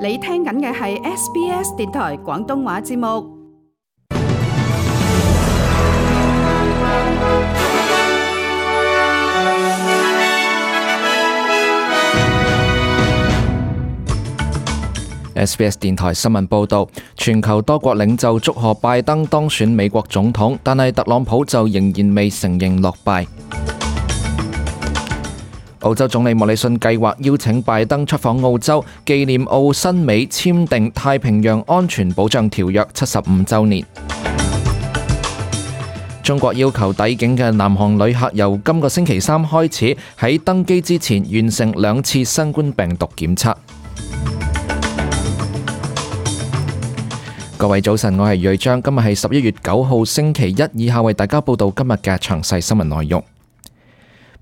你聽緊嘅係 SBS 電台廣東話節目。SBS 電台新聞報道，全球多國領袖祝賀拜登當選美國總統，但係特朗普就仍然未承認落敗。澳洲總理莫里遜計劃邀請拜登出訪澳洲，紀念澳新美簽訂《太平洋安全保障條約》七十五周年。中國要求抵境嘅南韓旅客由今個星期三開始喺登機之前完成兩次新冠病毒檢測。各位早晨，我係瑞章，今日係十一月九號星期一，以下為大家報道今日嘅詳細新聞內容。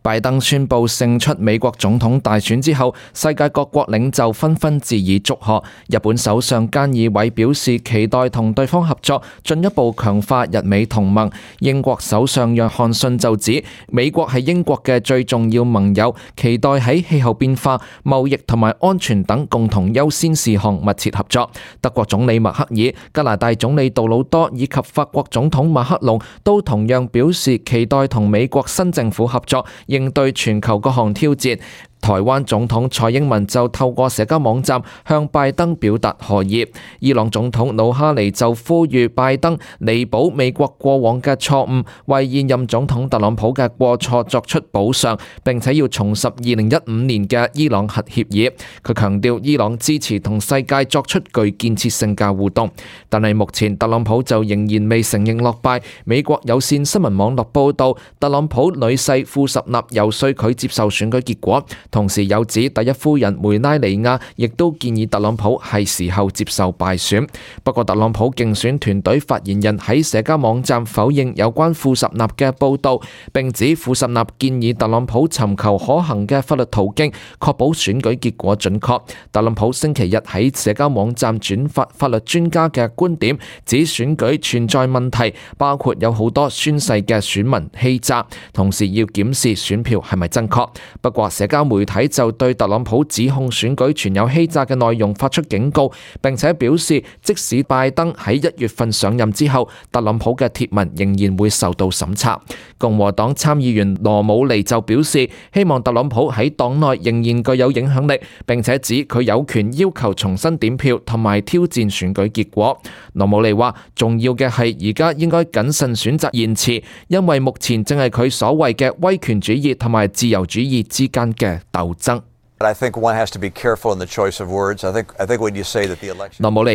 拜登宣布勝出美國總統大選之後，世界各國領袖紛紛致以祝賀。日本首相菅義偉表示期待同對方合作，進一步強化日美同盟。英國首相約翰遜就指，美國係英國嘅最重要盟友，期待喺氣候變化、貿易同埋安全等共同優先事項密切合作。德國總理默克爾、加拿大總理杜魯多以及法國總統馬克龍都同樣表示期待同美國新政府合作。應對全球各項挑戰。台灣總統蔡英文就透過社交網站向拜登表達賀意。伊朗總統魯哈尼就呼籲拜登彌補美國過往嘅錯誤，為現任總統特朗普嘅過錯作出補償，並且要重拾二零一五年嘅伊朗核協議。佢強調伊朗支持同世界作出具建設性嘅互動。但係目前特朗普就仍然未承認落敗。美國有線新聞網絡報道，特朗普女婿庫什納遊說佢接受選舉結果。同時有指第一夫人梅拉尼亞亦都建議特朗普係時候接受敗選。不過，特朗普競選團隊發言人喺社交網站否認有關庫什納嘅報道，並指庫什納建議特朗普尋求可行嘅法律途徑，確保選舉結果準確。特朗普星期日喺社交網站轉發法律專家嘅觀點，指選舉存在問題，包括有好多宣誓嘅選民欺詐，同時要檢視選票係咪正確。不過，社交媒媒體就對特朗普指控選舉存有欺詐嘅內容發出警告，並且表示，即使拜登喺一月份上任之後，特朗普嘅貼文仍然會受到審查。共和黨參議員羅姆尼就表示，希望特朗普喺黨內仍然具有影響力，並且指佢有權要求重新點票同埋挑戰選舉結果。羅姆尼話，重要嘅係而家應該謹慎選擇言辭，因為目前正係佢所謂嘅威權主義同埋自由主義之間嘅鬥爭。羅姆尼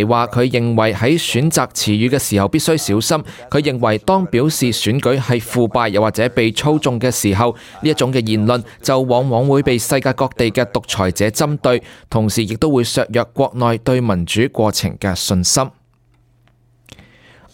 話：佢認為喺選擇詞語嘅時候必須小心。佢認為當表示選舉係腐敗又或者被操縱嘅時候，呢一種嘅言論就往往會被世界各地嘅獨裁者針對，同時亦都會削弱國內對民主過程嘅信心。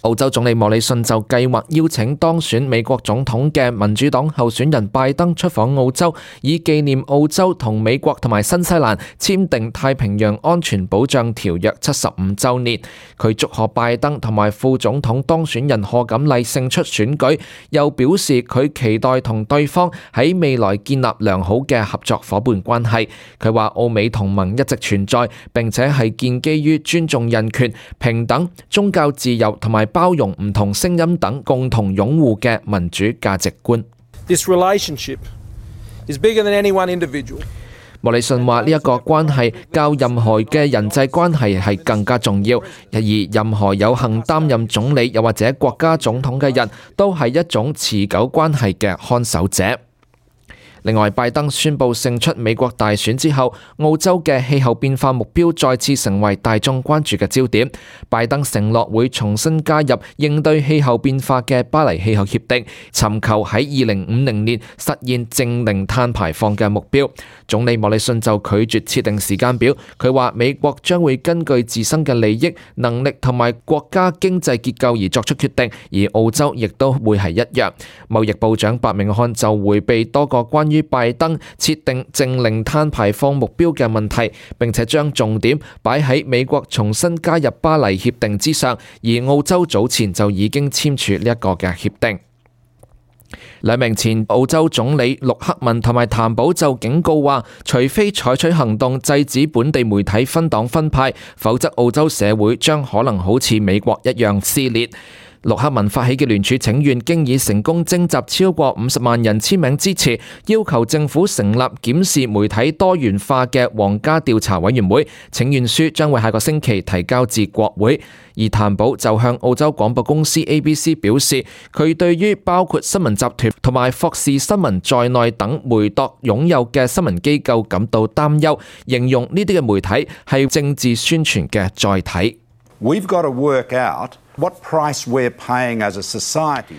澳洲總理莫里遜就計劃邀請當選美國總統嘅民主黨候選人拜登出訪澳洲，以紀念澳洲同美國同埋新西蘭簽訂《太平洋安全保障條約》七十五周年。佢祝賀拜登同埋副總統當選人賀錦麗勝出選舉，又表示佢期待同對方喺未來建立良好嘅合作伙伴關係。佢話澳美同盟一直存在，並且係建基於尊重人權、平等、宗教自由同埋。包容唔同聲音等，共同擁護嘅民主價值觀。莫里遜話呢一個關係較任何嘅人際關係係更加重要，而任何有幸擔任總理又或者國家總統嘅人都係一種持久關係嘅看守者。另外，拜登宣布勝出美國大選之後，澳洲嘅氣候變化目標再次成為大眾關注嘅焦點，拜登承諾會重新加入應對氣候變化嘅巴黎氣候協定，尋求喺二零五零年實現淨零碳排放嘅目標。總理莫里遜就拒絕設定時間表，佢話美國將會根據自身嘅利益、能力同埋國家經濟結構而作出決定，而澳洲亦都會係一樣，貿易部長白明漢就迴避多個關於拜登設定淨零碳排放目標嘅問題，並且將重點擺喺美國重新加入巴黎協定之上，而澳洲早前就已經簽署呢一個嘅協定。兩名前澳洲總理陸克文同埋譚寶就警告話，除非採取行動制止本地媒體分黨分派，否則澳洲社會將可能好似美國一樣撕裂。陸克文發起嘅聯署請願，經已成功徵集超過五十萬人簽名支持，要求政府成立檢視媒體多元化嘅皇家調查委員會。請願書將會下個星期提交至國會。而譚寶就向澳洲廣播公司 ABC 表示，佢對於包括新聞集團同埋霍士新聞在內等梅鐸擁有嘅新聞機構感到擔憂，形容呢啲嘅媒體係政治宣傳嘅載體。We've got to work out. What price we're paying as a society?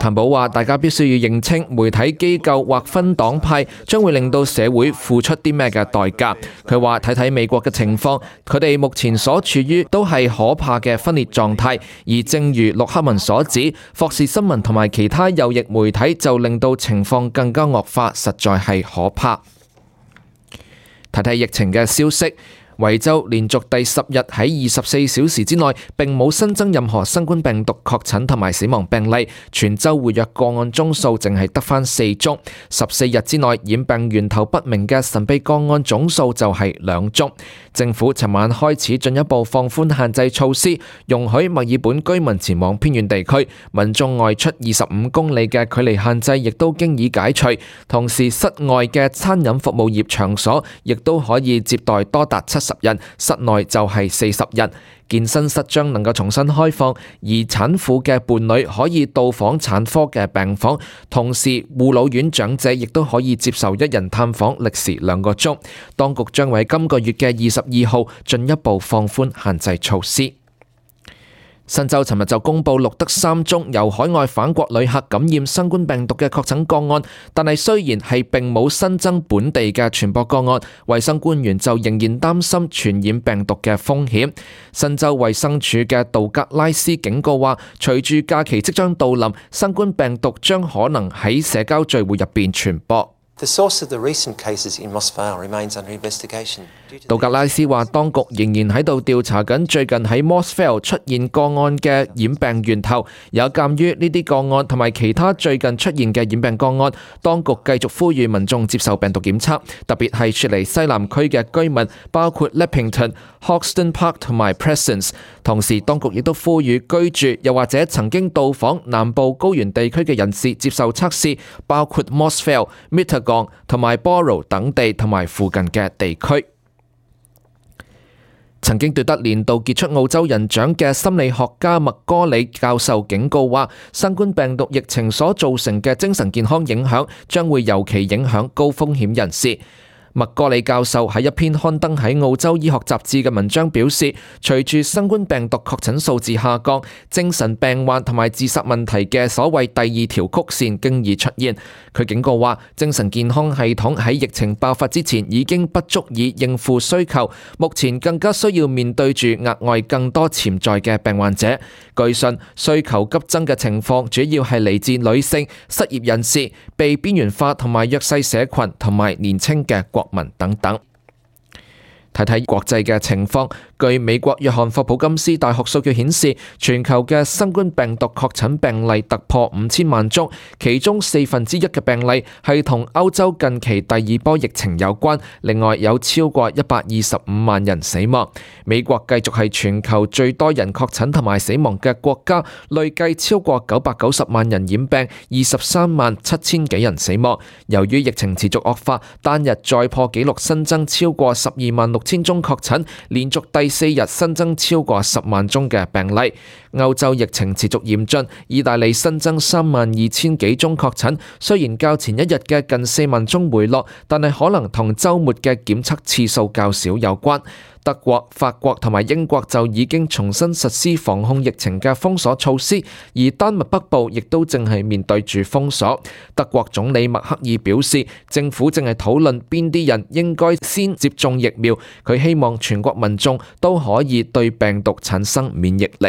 譚寶話：大家必須要認清媒體機構或分黨派將會令到社會付出啲咩嘅代價。佢話睇睇美國嘅情況，佢哋目前所處於都係可怕嘅分裂狀態。而正如陸克文所指，霍士新聞同埋其他右翼媒體就令到情況更加惡化，實在係可怕。睇睇疫情嘅消息。維州連續第十日喺二十四小時之內並冇新增任何新冠病毒確診同埋死亡病例，全州活躍個案宗數淨係得返四宗，十四日之內染病源頭不明嘅神秘個案總數就係兩宗。政府尋晚開始進一步放寬限制措施，容許墨爾本居民前往偏遠地區，民眾外出二十五公里嘅距離限制亦都經已解除，同時室外嘅餐飲服務業場所亦都可以接待多達七十人，室內就係四十人，健身室將能夠重新開放，而產婦嘅伴侶可以到訪產科嘅病房，同時護老院長者亦都可以接受一人探訪，歷時兩個鐘。當局將喺今個月嘅二十二號進一步放寬限制措施。新州尋日就公布錄得三宗由海外返國旅客感染新冠病毒嘅確診個案，但係雖然係並冇新增本地嘅傳播個案，衛生官員就仍然擔心傳染病毒嘅風險。新州衛生署嘅杜格拉斯警告話，隨住假期即將到臨，新冠病毒將可能喺社交聚會入邊傳播。The source of the recent cases in Mosman remains under investigation. 杜格拉斯話，當局仍然喺度調查緊最近喺 m o s f i e l d 出現個案嘅染病源頭。有鑑於呢啲個案同埋其他最近出現嘅染病個案，當局繼續呼籲民眾接受病毒檢測，特別係出嚟西南區嘅居民，包括 Leppington、Hoxton Park 同埋 Presence。同時，當局亦都呼籲居住又或者曾經到訪南部高原地區嘅人士接受測試，包括 m o s f i e l d m i t g o n g 同埋 b o r r o w 等地同埋附近嘅地區。曾經奪得年度傑出澳洲人獎嘅心理學家麥哥里教授警告話，新冠病毒疫情所造成嘅精神健康影響，將會尤其影響高風險人士。墨麥哥里教授喺一篇刊登喺澳洲醫學雜誌嘅文章表示，隨住新冠病毒確診數字下降，精神病患同埋自殺問題嘅所謂第二條曲線經已出現。佢警告話，精神健康系統喺疫情爆發之前已經不足以應付需求，目前更加需要面對住額外更多潛在嘅病患者。據信需求急增嘅情況主要係嚟自女性、失業人士、被邊緣化同埋弱勢社群同埋年輕嘅國文等等，睇睇國際嘅情況。據美國約翰霍普金斯大學數據顯示，全球嘅新冠病毒確診病例突破五千萬宗，其中四分之一嘅病例係同歐洲近期第二波疫情有關。另外有超過一百二十五萬人死亡。美國繼續係全球最多人確診同埋死亡嘅國家，累計超過九百九十萬人染病，二十三萬七千幾人死亡。由於疫情持續惡化，單日再破紀錄新增超過十二萬六千宗確診，連續第四日新增超過十萬宗嘅病例，歐洲疫情持續嚴峻。意大利新增三萬二千幾宗確診，雖然較前一日嘅近四萬宗回落，但係可能同周末嘅檢測次數較少有關。德國、法國同埋英國就已經重新實施防控疫情嘅封鎖措施，而丹麥北部亦都正係面對住封鎖。德國總理默克爾表示，政府正係討論邊啲人應該先接種疫苗，佢希望全國民眾都可以對病毒產生免疫力。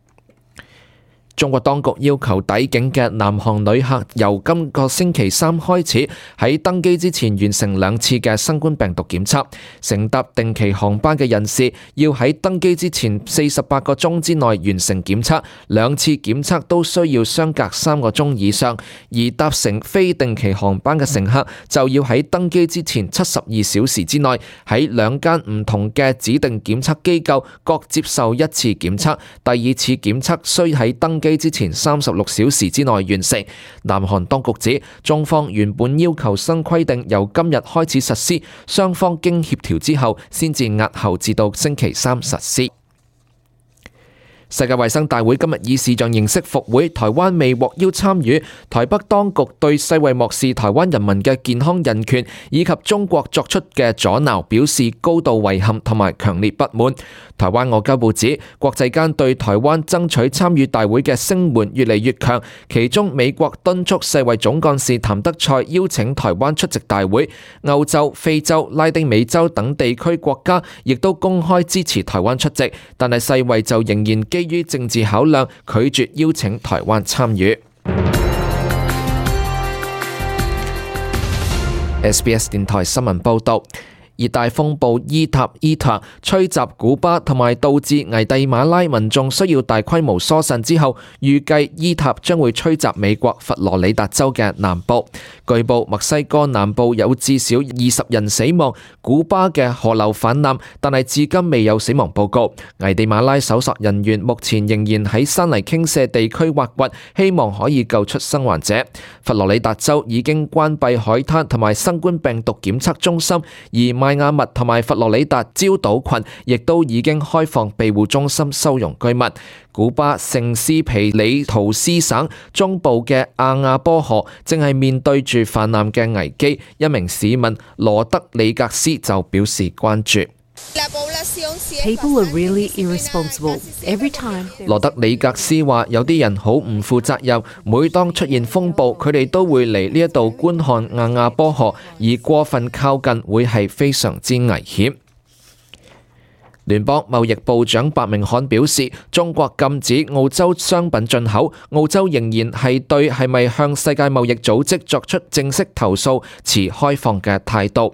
中國當局要求抵境嘅南韓旅客，由今個星期三開始喺登機之前完成兩次嘅新冠病毒檢測。乘搭定期航班嘅人士要喺登機之前四十八個鐘之內完成檢測，兩次檢測都需要相隔三個鐘以上。而乘搭乘非定期航班嘅乘客就要喺登機之前七十二小時之內喺兩間唔同嘅指定檢測機構各接受一次檢測，第二次檢測需喺登機。之前三十六小時之內完成。南韓當局指中方原本要求新規定由今日開始實施，雙方經協調之後，先至押後至到星期三實施。世界衛生大會今日以視像形式復會，台灣未獲邀參與。台北當局對世衛漠視台灣人民嘅健康人權以及中國作出嘅阻撓表示高度遺憾同埋強烈不滿。台灣外交部指，國際間對台灣爭取參與大會嘅聲援越嚟越強，其中美國敦促世衛總幹事譚德塞邀請台灣出席大會，歐洲、非洲、拉丁美洲等地區國家亦都公開支持台灣出席，但係世衛就仍然基於政治考量拒絕邀請台灣參與。 SBS 電台新聞報導。熱帶風暴伊塔伊塔吹襲古巴，同埋導致危地馬拉民眾需要大規模疏散之後，預計伊塔將會吹襲美國佛羅里達州嘅南部。據報墨西哥南部有至少二十人死亡，古巴嘅河流泛濫，但係至今未有死亡報告。危地馬拉搜索人員目前仍然喺山泥傾瀉地區挖掘，希望可以救出生還者。佛羅里達州已經關閉海灘同埋新冠病毒檢測中心，而亞密同埋佛羅里達礁島群亦都已經開放庇護中心收容居民。古巴聖斯皮里圖斯省中部嘅阿亞波河正係面對住泛濫嘅危機，一名市民羅德里格斯就表示關注。p 羅德里格斯話：有啲人好唔負責任，每當出現風暴，佢哋都會嚟呢一度觀看亞亞波河，而過分靠近會係非常之危險。聯邦貿易部長白明漢表示，中國禁止澳洲商品進口，澳洲仍然係對係咪向世界貿易組織作出正式投訴持開放嘅態度。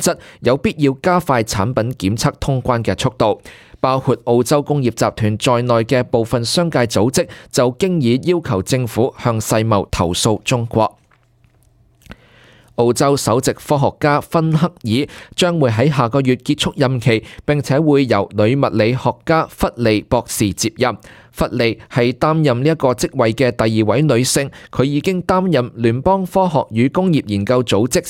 則有必要加快產品檢測通關嘅速度，包括澳洲工業集團在內嘅部分商界組織就經已要求政府向世貿投訴中國。澳洲首席科學家芬克爾將會喺下個月結束任期，並且會由女物理學家弗利博士接任。弗利係擔任呢一個職位嘅第二位女性，佢已經擔任聯邦科學與工業研究組織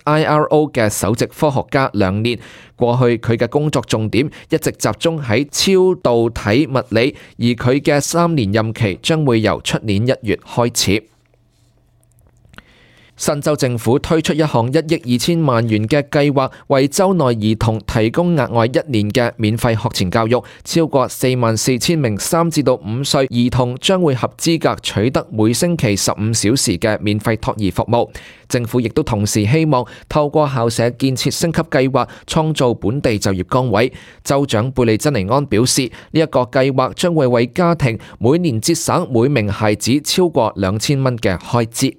CSIRO 嘅首席科學家兩年。過去佢嘅工作重點一直集中喺超導體物理，而佢嘅三年任期將會由出年一月開始。新州政府推出一項一億二千萬元嘅計劃，為州內兒童提供額外一年嘅免費學前教育。超過四萬四千名三至到五歲兒童將會合資格取得每星期十五小時嘅免費托兒服務。政府亦都同時希望透過校舍建設升級計劃，創造本地就業崗位。州長貝利珍尼安表示，呢一個計劃將會為家庭每年節省每名孩子超過兩千蚊嘅開支。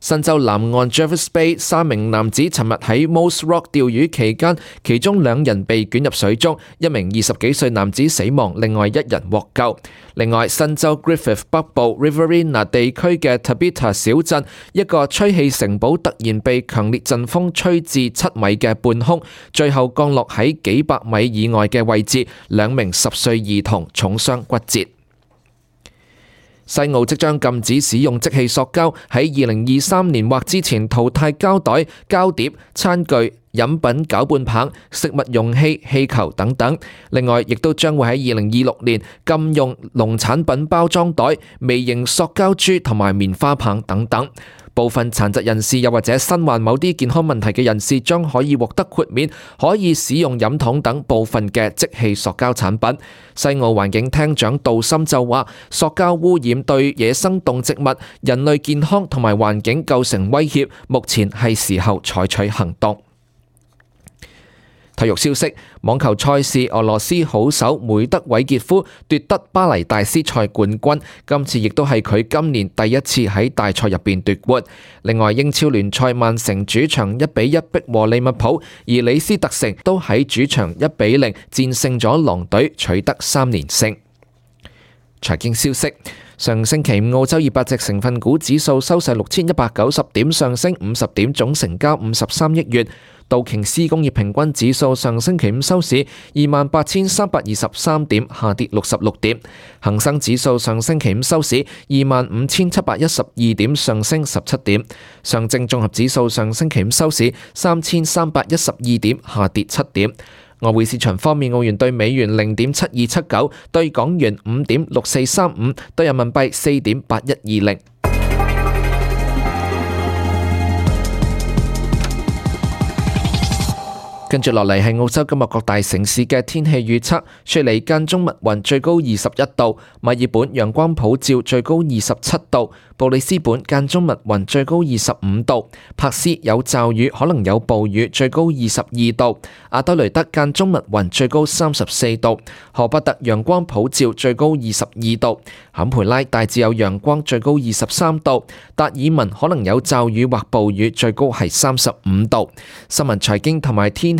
新州南岸 Jervis Bay 三名男子尋日喺 Moss Rock 釣魚期間，其中兩人被捲入水中，一名二十幾歲男子死亡，另外一人獲救。另外，新州 Griffith 北部 Riverina 地區嘅 Tabita 小鎮，一個吹氣城堡突然被強烈陣風吹至七米嘅半空，最後降落喺幾百米以外嘅位置，兩名十歲兒童重傷骨折。西澳即將禁止使用即棄塑膠，喺二零二三年或之前淘汰膠袋、膠碟、餐具、飲品攪拌棒、食物容器、氣球等等。另外，亦都將會喺二零二六年禁用農產品包裝袋、微型塑膠珠同埋棉花棒等等。部分殘疾人士又或者身患某啲健康問題嘅人士，將可以獲得豁免，可以使用飲桶等部分嘅即棄塑膠產品。西澳環境廳長杜森就話，塑膠污染對野生動植物、人類健康同埋環境構成威脅，目前係時候採取行動。體育消息：網球賽事，俄羅斯好手梅德韋傑夫奪得巴黎大師賽冠軍，今次亦都係佢今年第一次喺大賽入邊奪冠。另外，英超聯賽曼城主場一比一逼和利物浦，而里斯特城都喺主場一比零戰勝咗狼隊，取得三連勝。財經消息：上星期五，澳洲二百隻成分股指數收市六千一百九十點，上升五十點，總成交五十三億元。道瓊斯工業平均指數上星期五收市二萬八千三百二十三點，下跌六十六點；恒生指數上星期五收市二萬五千七百一十二點，上升十七點；上證綜合指數上星期五收市三千三百一十二點，下跌七點。外匯市場方面，澳元對美元零點七二七九，對港元五點六四三五，對人民幣四點八一二零。跟住落嚟係澳洲今日各大城市嘅天氣預測，雪梨間中密雲，最高二十一度；墨爾本陽光普照，最高二十七度；布里斯本間中密雲，最高二十五度；帕斯有驟雨，可能有暴雨，最高二十二度；阿德雷德間中密雲，最高三十四度；河伯特陽光普照，最高二十二度；坎培拉大致有陽光，最高二十三度；達爾文可能有驟雨或暴雨，最高係三十五度。新聞財經同埋天。